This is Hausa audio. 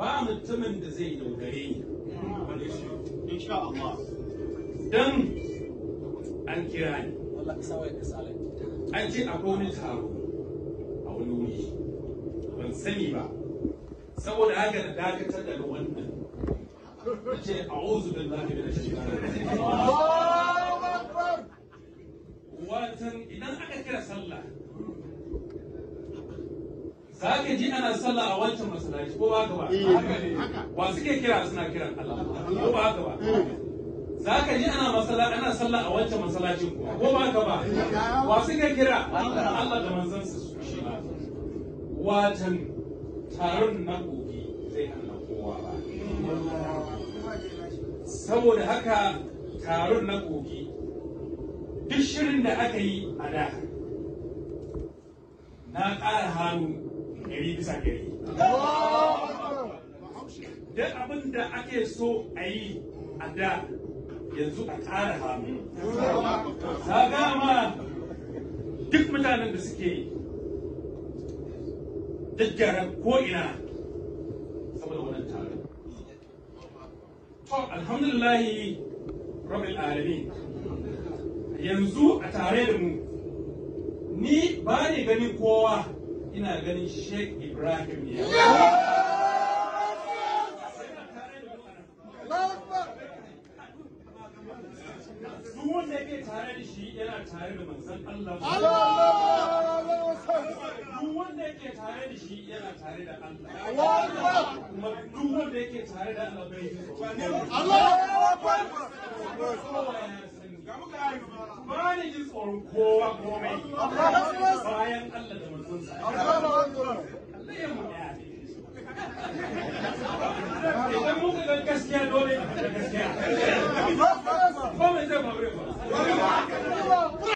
ba mutumin da zai yaudare ni shi dan an kira ni an ce a wani taro a wani wuri ban sani ba saboda haka da dakatar daga wannan ce a ozu da zafi da shi watan idan aka kira sallah za ka ji ana sallah a wancan masallaci ko ba ka ba eh. wa suke kira suna kiran Allah ko ba ka ba eh. za ka ji ana masala ana sallah a wancan masallacin ko ba ka ba wa suke kira Allah da manzon su shi ba watan taron na gobe zai hana kowa ba saboda haka taron na gobe duk shirin da aka yi a da na ƙara hannu yari bisa ɗari abin da ake so a yi a da yanzu a ƙara ta gama duk mutanen da suke daggara ko'ina saboda wannan taron to alhamdulillahi rabin alami. yanzu a tare da mu ni ba ne ganin kowa ina ganin sheikh ibrahim ya duk wanda tare da shi yana tare da manzon Allah duk wanda tare da shi yana tare da Allah kuma duk wanda tare da Allah bai Allah tsoron kowa komai bayan Allah da mutunsa. Idan muka ga